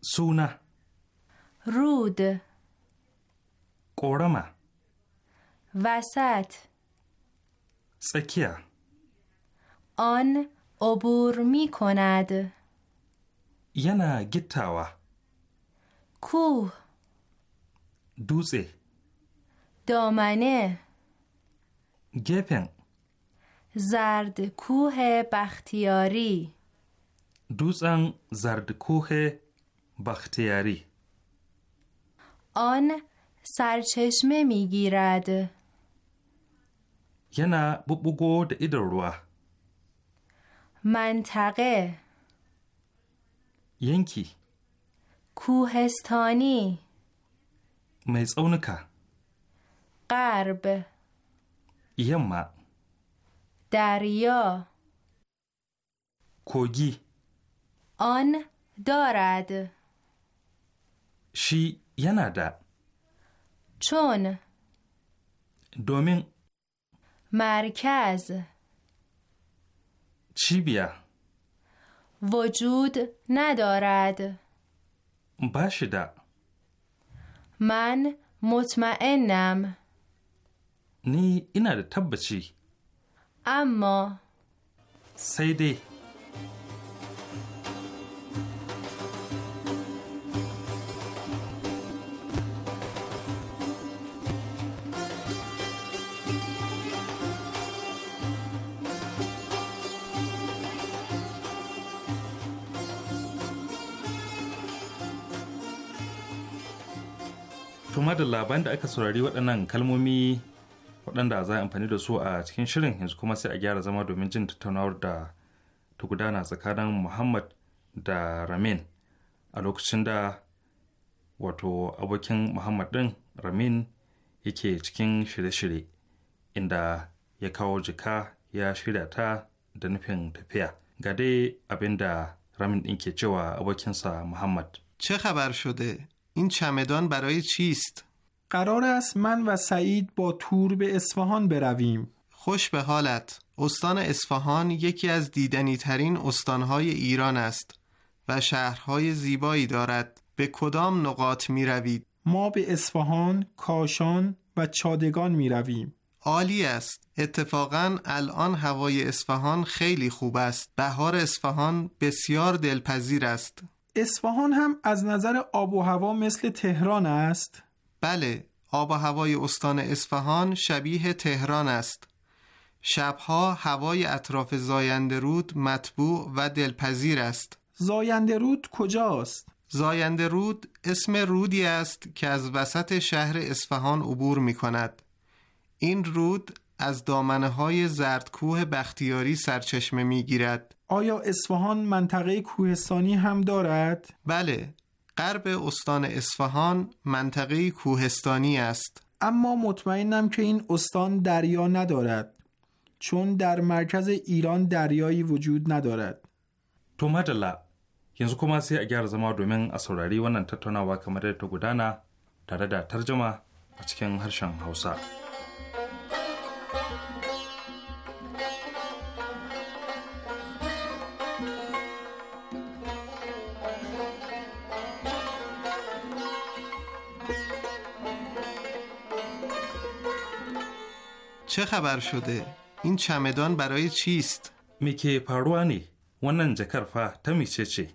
سونا رود قرما وسط سکیا آن عبور می کند
ینا گتاوا کوه دوزه
دامنه گپن کوه بختیاری
زرد کوه بختیاری
آن سرچشمه میگیرد
ینا ببگو د ایدروا
منطقه ینکی کوهستانی
میزونکا
غرب یما دریا کوگی آن دارد
شی یندا چون دومین
مرکز چی بیا وجود ندارد باشد. من مطمئنم
ni ina da tabbaci. amma. sai dai. kuma da labarin da aka saurari waɗannan kalmomi waɗanda za a amfani da su a cikin shirin yanzu kuma sai a gyara zama domin jin tattaunawar da ta gudana tsakanin muhammad da ramin a lokacin da wato abokin muhammad ɗin ramin yake cikin shirye-shirye inda ya kawo jika ya shirya ta da nufin tafiya ga dai abin da ramin ɗin ke cewa
abokinsa muhammad چه خبر شده؟ این چمدان برای چیست؟ قرار است من و سعید با تور به اصفهان برویم خوش به حالت استان اصفهان یکی از دیدنی ترین استانهای ایران است و شهرهای زیبایی دارد به کدام نقاط می روید؟
ما به اصفهان، کاشان و چادگان می رویم
عالی است اتفاقا الان هوای اصفهان خیلی خوب است بهار اصفهان بسیار دلپذیر است اصفهان هم از نظر آب و هوا مثل تهران است بله آب و هوای استان اصفهان شبیه تهران است شبها هوای اطراف زاینده رود مطبوع و دلپذیر است زاینده رود کجاست؟ زاینده رود اسم رودی است که از وسط شهر اصفهان عبور می کند این رود از دامنه های زردکوه بختیاری سرچشمه می گیرد آیا اصفهان منطقه کوهستانی هم دارد؟ بله غرب استان اصفهان منطقه کوهستانی است
اما مطمئنم که این استان دریا ندارد چون در مرکز ایران دریایی وجود ندارد
تو مدلا ینزو کما اگر زما دومین اسوراری ونن و کمر تو گودانا تره در ترجمه اچکن هرشان حوصا موسیقی
چه خبر شده؟ این چمدان برای
چیست؟ میکی پاروانی ونن جکرفا تمیچه چی؟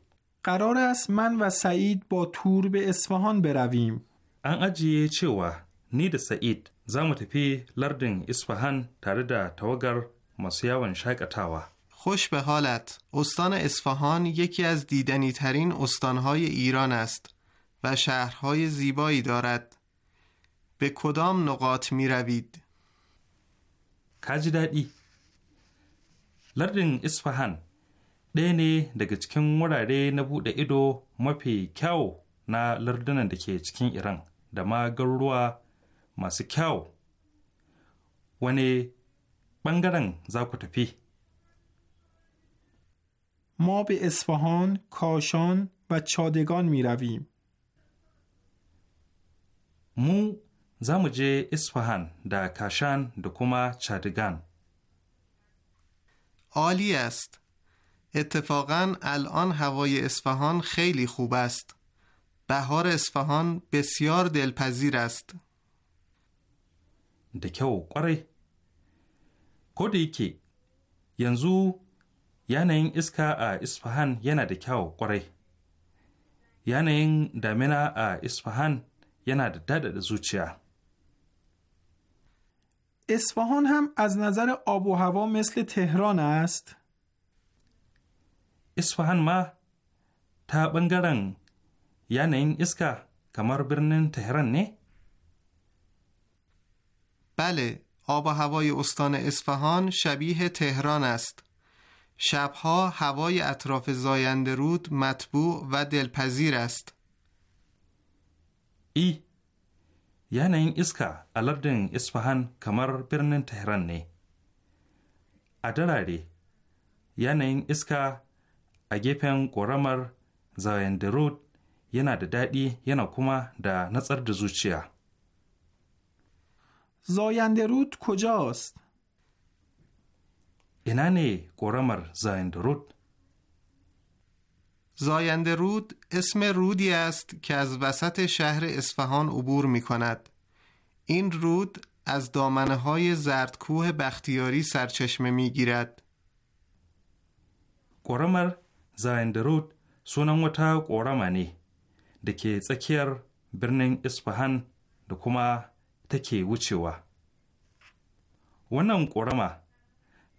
قرار است من و سعید با تور به اصفهان برویم. ان اجیه چوا نی نید سعید زمت پی لردن اسفهان تاره توگر tawagar masu
خوش به حالت استان اصفهان یکی از دیدنی ترین استانهای ایران است و شهرهای زیبایی دارد به کدام نقاط می روید؟ ka ji daɗi
lardin isfahan ɗaya ne daga cikin wurare na buɗe ido mafi kyau na lardunan da ke cikin iran da ma garuruwa masu kyau wane ɓangaren za ku tafi
ما به اصفهان، کاشان و چادگان می رویم.
مو za اصفهان در کاشان دا Kashan
عالی است. اتفاقا الان هوای اصفهان خیلی خوب است. بهار اصفهان بسیار دلپذیر است. دکه و قره کدی که
ینزو یعنی اسکا ا اصفهان ینا دکه و قره یعنی این ا اصفهان ینا داده
اصفهان هم از نظر آب و هوا مثل تهران
است؟ اصفهان ما تا
یا یعنی نه این اسکا کمر برنن تهران نه؟ بله آب و هوای استان اصفهان شبیه تهران است شبها هوای اطراف زاینده رود مطبوع و دلپذیر است ای yanayin
iska a lardin isfahan kamar birnin tehran ne a darare yanayin iska a gefen ƙoramar zayenderod yana da daɗi yana kuma da natsar da zuciya zayenderod jos.
ina ne ƙoramar zayenderod زاینده رود اسم رودی است که از وسط شهر اصفهان عبور می کند. این رود از دامنه های زردکوه بختیاری سرچشمه می گیرد. قرمر زاینده رود سونموتا وتا
قرمه زکیر برنین اسفهان tsakiyar تکی Isfahan da Wannan ƙorama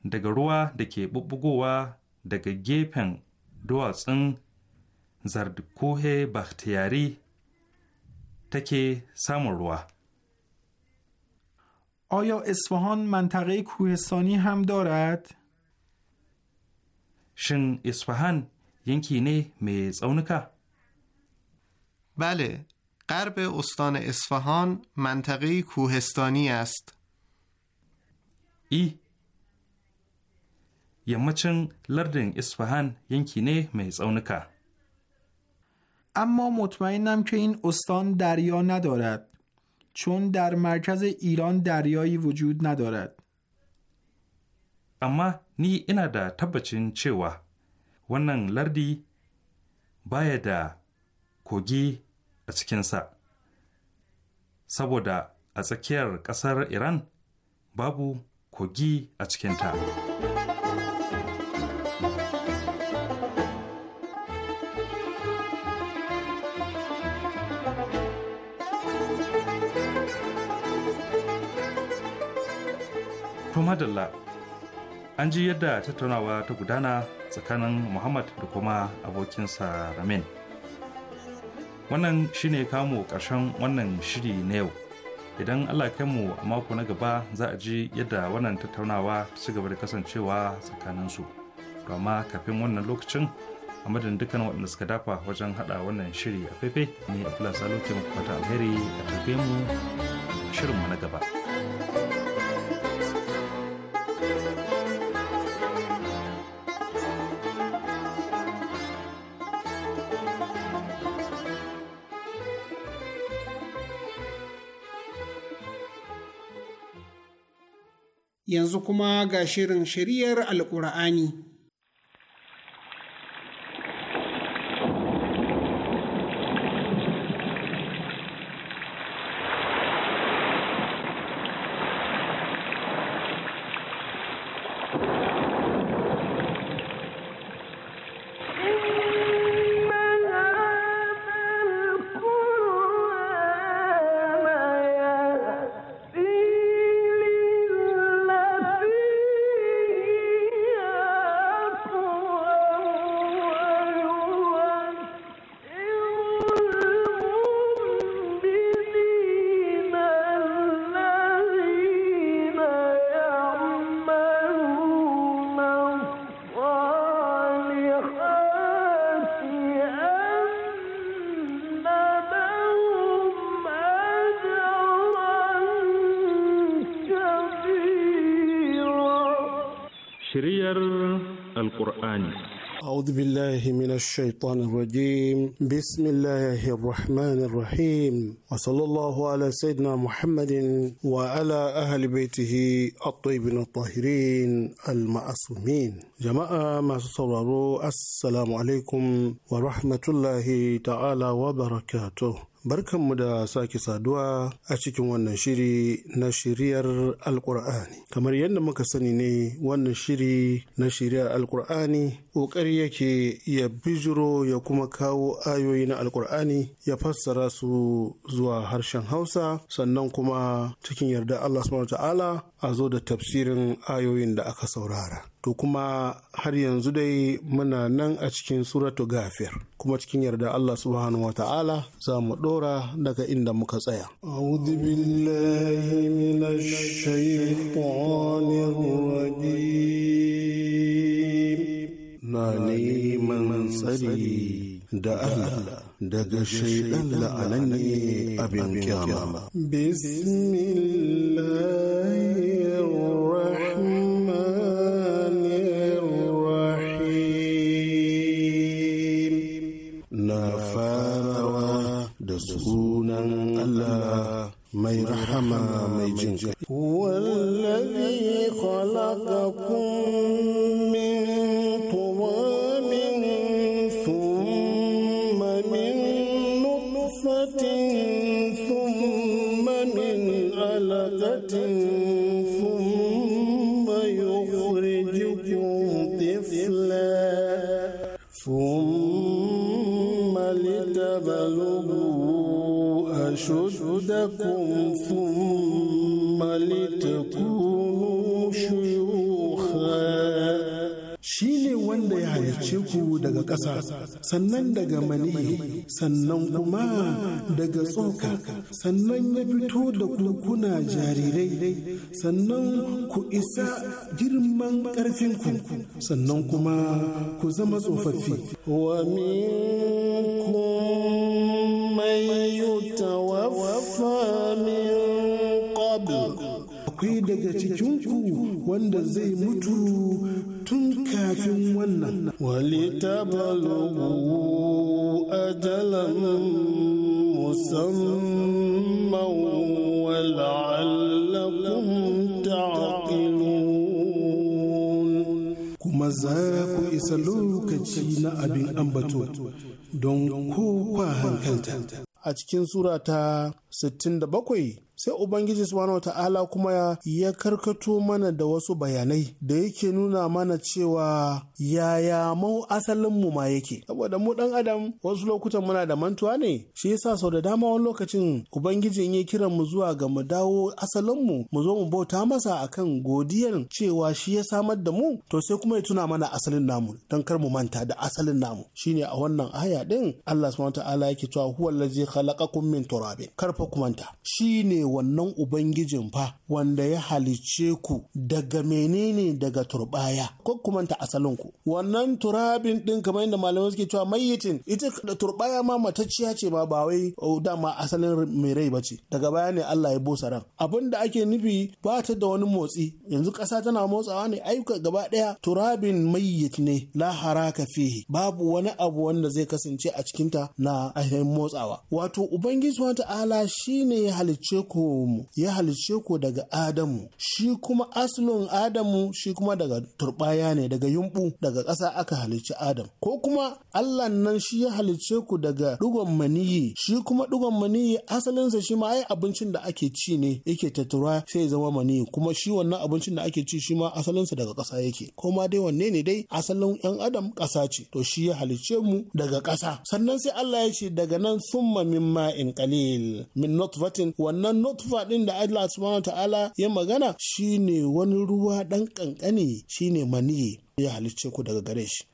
daga ruwa da bubbugowa daga gefen duwatsun زرد کوه بختیاری تکی سمروا
آیا اصفهان منطقه کوهستانی هم دارد؟
شن اصفهان ینکی نه میز اونکا؟ بله، قرب استان اصفهان منطقه کوهستانی است. ای
یمچن لردن اصفهان ینکی نه میز اونکا
اما مطمئنم که این استان دریا ندارد چون در مرکز ایران دریایی وجود ندارد
اما نی اینا دا تبچین چوا ونن لردی باید دا کوگی اچکنسا saboda a tsakiyar ƙasar Iran babu kogi a cikinta. madalla an ji yadda tattaunawa ta gudana tsakanin muhammad da kuma abokinsa ramin wannan shine kamo karshen wannan shiri na yau idan allah mu a mako na gaba za a ji yadda wannan tattaunawa ta ci gaba da kasancewa tsakaninsu to amma kafin wannan lokacin a madadin dukkan waɗanda suka dafa wajen haɗa wannan shiri a faifai ne a filasa lokacin kwata alheri a mu shirinmu na gaba.
Yanzu kuma ga shirin shiriyar Alƙur'ani.
أعوذ بالله من الشيطان الرجيم بسم الله الرحمن الرحيم وصلى الله على سيدنا محمد وعلى أهل بيته الطيبين الطاهرين المعصومين جماعة ما صوروا السلام عليكم ورحمة الله تعالى وبركاته barkanmu da sake saduwa a cikin wannan shiri na shiriyar alkur'ani kamar yadda muka sani ne wannan shiri na shiriyar alkur'ani ƙoƙari yake ya bijiro ya kuma kawo ayoyi na alkur'ani ya fassara su zuwa harshen hausa sannan kuma cikin yarda allah subhanahu ta'ala a zo da tafsirin ayoyin da aka saurara to kuma har yanzu dai muna nan a cikin suratu gafir kuma cikin yarda allah subhanahu wa ta'ala za mu ɗora daga inda muka tsaya أعوذ na neman tsari da Allah daga shaidan la'ananne abin kyama. Na farawa da sunan Allah mai rahama
mai jin kai. Wallazi khalaqakum
com um ku daga ƙasa sannan daga mani sannan kuma daga tsoka sannan ya fito da kuna jarirai sannan ku isa girman ku sannan kuma ku zama tsofaffi wa min akwai daga cikinku wanda zai mutu kafin wannan. Walita balogu ajalan musamman ta ta'aƙilun. Kuma za ku isa lokaci na abin ambato don kowa hankalta. A cikin sura ta 67 sai ubangiji subhanahu ta'ala kuma ya karkato mana da wasu bayanai da yake nuna mana cewa yaya mau asalin mu ma yake saboda mu dan adam wasu lokutan muna da mantuwa ne shi yasa sau da dama wani lokacin ubangiji ya kira mu zuwa ga mu dawo asalin mu mu zo mu bauta masa akan godiyar cewa shi ya samar da mu to sai kuma ya tuna mana asalin namu dan kar mu manta da asalin namu shine a wannan aya din Allah subhanahu ta'ala yake cewa huwallazi khalaqakum min turabin karfa manta shine wannan ubangijin fa wanda ya halicce ku daga menene daga turbaya ko kuma ta asalin ku wannan turabin din kamar yadda malamai suke cewa mayyitin ita da turbaya ma matacciya ce ma ba wai dama asalin mai rai ce. daga baya ne Allah ya bosa ran abin da ake nufi ba ta da wani motsi yanzu ƙasa tana motsawa ne ayyuka gaba ɗaya turabin mayyit ne la haraka fihi babu wani abu wanda zai kasance a cikinta na ainihin motsawa wato ubangiji wa ta'ala shine ya halicce ku mu ya halicce ku daga Adamu shi kuma asalin Adamu shi kuma daga turbaya ne daga yumbu daga ƙasa aka halici Adam ko kuma Allah nan shi ya halicce ku daga dugon maniyi shi kuma dugon maniyi asalinsa shi ma ai abincin da ake ci ne yake tatura sai zama maniyi kuma shi wannan abincin da ake ci shi ma asalinsa daga ƙasa yake ma dai wanne ne dai asalin yan adam ƙasa ce to shi ya halicce mu daga ƙasa sannan sai Allah ya ce daga nan summa min ma'in qalil min nutfatin wannan tufa ɗin da Allah subhanahu ta'ala ya magana shine wani ruwa ɗan ƙanƙani shine maniye ya halicce ku daga gare shi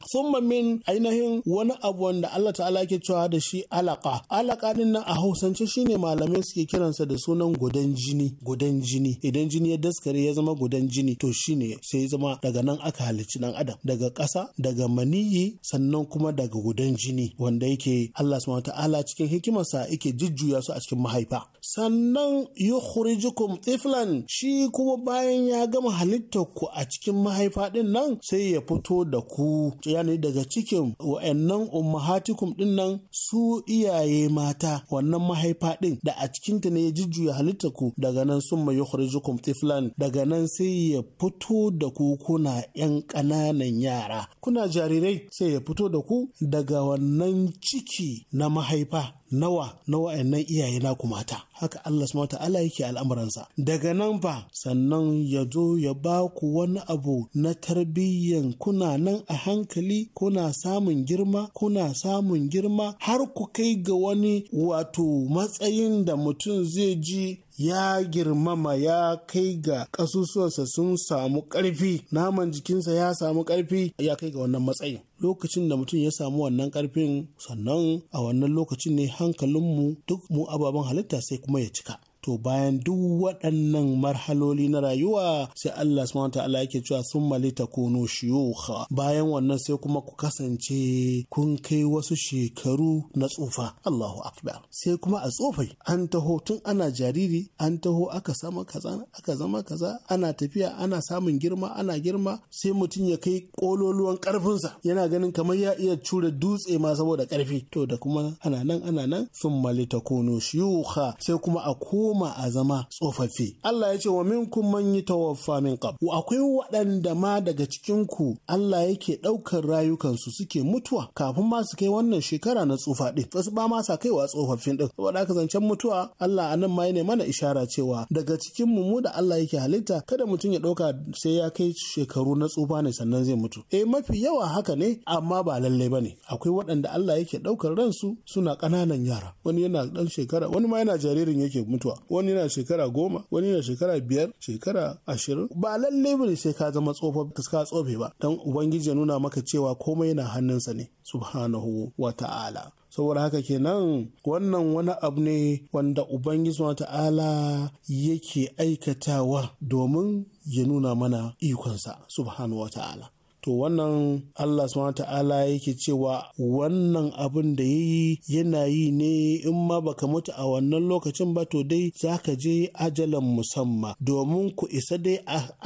min ainihin wani abu wanda Allah ta'ala ke cewa da shi alaka alaka din nan a hausance shine malamai suke kiransa da sunan gudan jini gudan jini idan jini ya daskare ya zama gudan jini to shine sai zama daga nan aka halicci dan adam daga ƙasa daga maniyi sannan kuma daga gudan jini wanda yake Allah subhanahu ta'ala cikin hikimarsa yake jujjuya su a cikin mahaifa sannan yukhrijukum tiflan shi kuma bayan ya gama halittar ku a cikin mahaifa din nan sai ya ya fito da ku yani daga cikin wa'annan ummahatikum din nan su iyaye mata wannan mahaifa din da a cikinta ne ya jujjuya halitta ku daga nan sun mai yukhrijukum tiflan daga nan sai ya fito da ku kuna yan ƙananan yara kuna jarirai sai ya fito da ku daga wannan ciki na mahaifa nawa na wa'annan iyaye na mata haka Allah su subhanahu ta'ala yake al'amuransa daga nan ba sannan ya zo ya ba ku wani abu na tarbiyyan kuna nan a hankali kuna samun girma kuna samun girma har ku kai ga wani wato matsayin da mutum zai ji ya girmama ya kai ga ƙasusuwansa sun samu ƙarfi naman jikinsa ya samu ƙarfi ya kai ga wannan matsayin lokacin da mutum ya samu wannan ƙarfin sannan a wannan lokacin ne hankalinmu duk mu ababen halitta sai kuma ya cika to bayan duk waɗannan marhaloli na rayuwa sai Allah subhanahu ta'ala yake cewa sun malita kono shiyuha bayan wannan sai kuma ku kasance kun kai wasu shekaru na tsufa Allahu akbar sai kuma a tsofai an taho tun ana jariri an taho aka sama kaza aka zama kaza ana tafiya ana samun girma ana girma sai mutum ya kai kololuwan karfinsa yana ganin kamar ya iya cure dutse ma saboda karfi to da kuma ana nan ana nan sun malita kono shiyuha sai kuma a koma koma a zama tsofaffi Allah ya ce wa minkum man tawaffa min qab akwai waɗanda ma daga cikin ku Allah yake ɗaukar rayukansu suke mutuwa kafin ma su kai wannan shekara na tsufa ɗin wasu ba ma sa kaiwa tsofaffin ɗin saboda haka zancen mutuwa Allah a nan ma ya mana ishara cewa daga cikin mu da Allah yake halitta kada mutum ya ɗauka sai ya kai shekaru na tsufa ne sannan zai mutu eh mafi yawa haka ne amma ba lallai ne akwai waɗanda Allah yake ɗaukar ransu suna ƙananan yara wani yana ɗan shekara wani ma yana jaririn yake mutuwa wani na shekara goma wani na shekara biyar shekara ashirin ba lallai bane sai ka zama tsofa ka tsofe ba don ubangiji ya nuna maka cewa komai na hannunsa ne subhanahu wa ta'ala saboda haka kenan wannan wani abu ne wanda ubangiji wa ta'ala yake aikatawa domin ya nuna mana ikonsa subhanahu wa ta'ala to wannan Allah subhanahu ta'ala yake cewa wannan abin da ya yi yana yi ne in ma baka mutu a wannan lokacin ba to dai zaka je ajalan musamma domin ku isa dai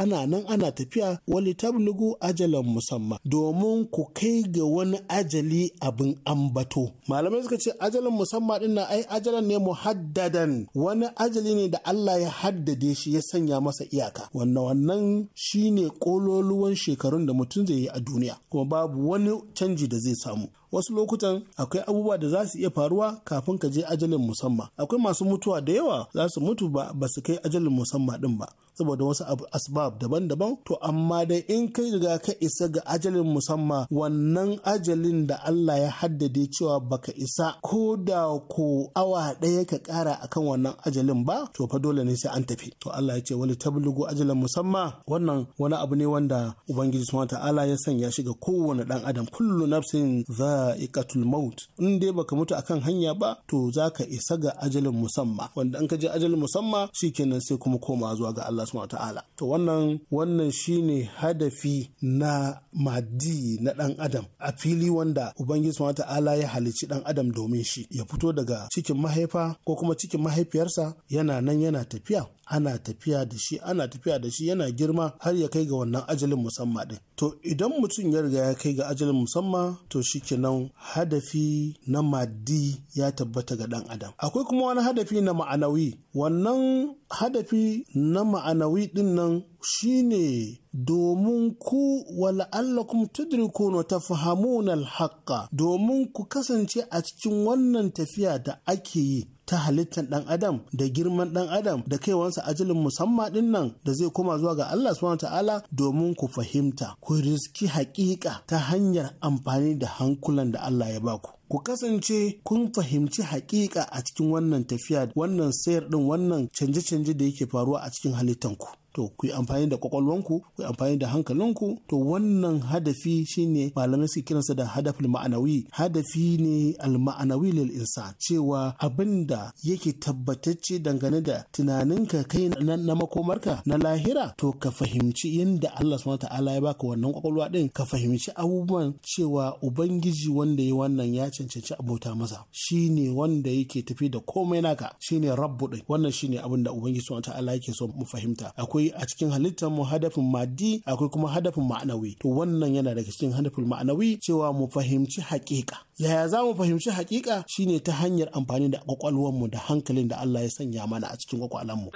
ana nan ana tafiya wali tablugu ajalan musamma domin ku kai ga wani ajali abin ambato malamai suka ce ajalan musamma din na ai ajalan ne muhaddadan wani ajali ne da Allah ya haddade shi ya sanya masa iyaka wannan wannan shine kololuwan shekarun da mutum ya yi a duniya kuma babu wani canji da zai samu wasu lokutan akwai abubuwa da za su iya faruwa kafin ka je ajalin musamman akwai masu mutuwa da yawa za su mutu ba ba su kai ajalin musamman din ba saboda wasu asbab daban-daban to amma da in kai riga ka isa ga ajalin musamman wannan ajalin da Allah ya haddade cewa baka isa ko da ko awa ɗaya ka kara akan wannan ajalin ba to fa dole ne sai an tafi to Allah ya ce wali tablugu ajalin musamman wannan wani abu ne wanda ubangiji subhanahu ta'ala ya sanya shi ga kowane dan adam kullu nafsin za za'iqatul maut in dai baka mutu akan hanya ba to zaka isa ga ajalin musamma wanda an ka je ajalin musamma shikenan sai kuma koma zuwa ga Allah subhanahu ta'ala to wannan wannan shine hadafi na madi na dan adam a fili wanda ubangiji subhanahu ta'ala ya halici dan adam domin shi ya fito daga cikin mahaifa ko kuma cikin mahaifiyarsa yana nan yana tafiya ana tafiya da shi ana tafiya da shi yana girma har ya kai ga wannan ajalin musamman. din to idan mutum ya riga ya kai ga ajalin musamman, to shikenan hadafi na maddi ya tabbata ga dan adam akwai kuma wani hadafi na ma'anawi wannan hadafi na ma'anawi din nan shine domin ku wala'allakum tudrikuna tafhamuna al-haqqa domin ku kasance a cikin wannan tafiya da ake yi ta halittar ɗan adam da girman ɗan adam da kaiwansa ajalin musamman din nan da zai koma zuwa ga Allah subhanahu ta'ala domin ku fahimta ku riski haƙiƙa ta hanyar amfani da hankulan da Allah ya baku ku kasance kun fahimci haƙiƙa a cikin wannan tafiya wannan sayar din wannan canje-canje da yake faruwa a cikin halittanku to ku amfani da kwakwalwanku ku yi amfani da hankalinku to wannan hadafi shine malamai suke kiransa da hadafin ma'anawi hadafi ne alma'anawi lil insan cewa abinda yake tabbatacce dangane da tunaninka kai na makomarka na lahira to ka fahimci yadda Allah subhanahu ta'ala ya baka wannan kwakwalwa din ka fahimci abubuwan cewa ubangiji wanda ya wannan ya cancanci abota masa shine wanda yake tafi da komai naka shine rabbu din wannan shine abinda ubangiji subhanahu ta'ala yake so mu fahimta akwai akwai a cikin halittar mu hadafin maddi akwai kuma hadafin ma'anawi to wannan yana daga cikin hadafin ma'anawi cewa mu fahimci haƙiƙa yaya za mu fahimci haƙiƙa shine ta hanyar amfani da kwakwalwar mu da hankalin da Allah ya sanya mana a cikin ƙwaƙwalan mu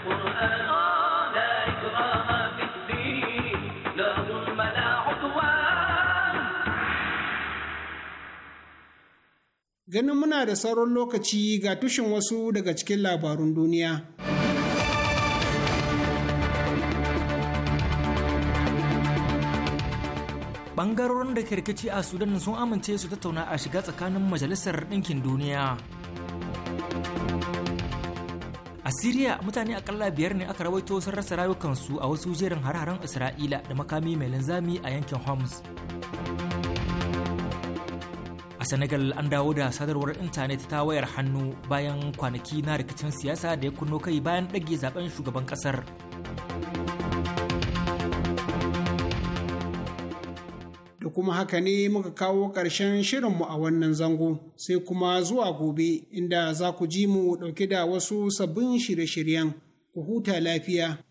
من
Ganin muna da sauran lokaci ga tushen wasu daga cikin labarun duniya.
Bangarorin da kirkici a Sudan sun amince su tattauna a shiga tsakanin Majalisar Ɗinkin Duniya. A Siriya mutane akalla biyar ne aka rawaito sun rasa rayukansu a wasu jerin har haren Isra'ila da makami mai linzami a yankin Homs. senegal an dawo da sadarwar intanet ta wayar hannu bayan kwanaki na rikicin siyasa da ya kunno kai bayan ɗage zaben shugaban ƙasar
da kuma haka ne muka kawo ƙarshen shirinmu a wannan zango sai kuma zuwa gobe inda za ku ji mu ɗauke da wasu sabbin shirye-shiryen ku huta lafiya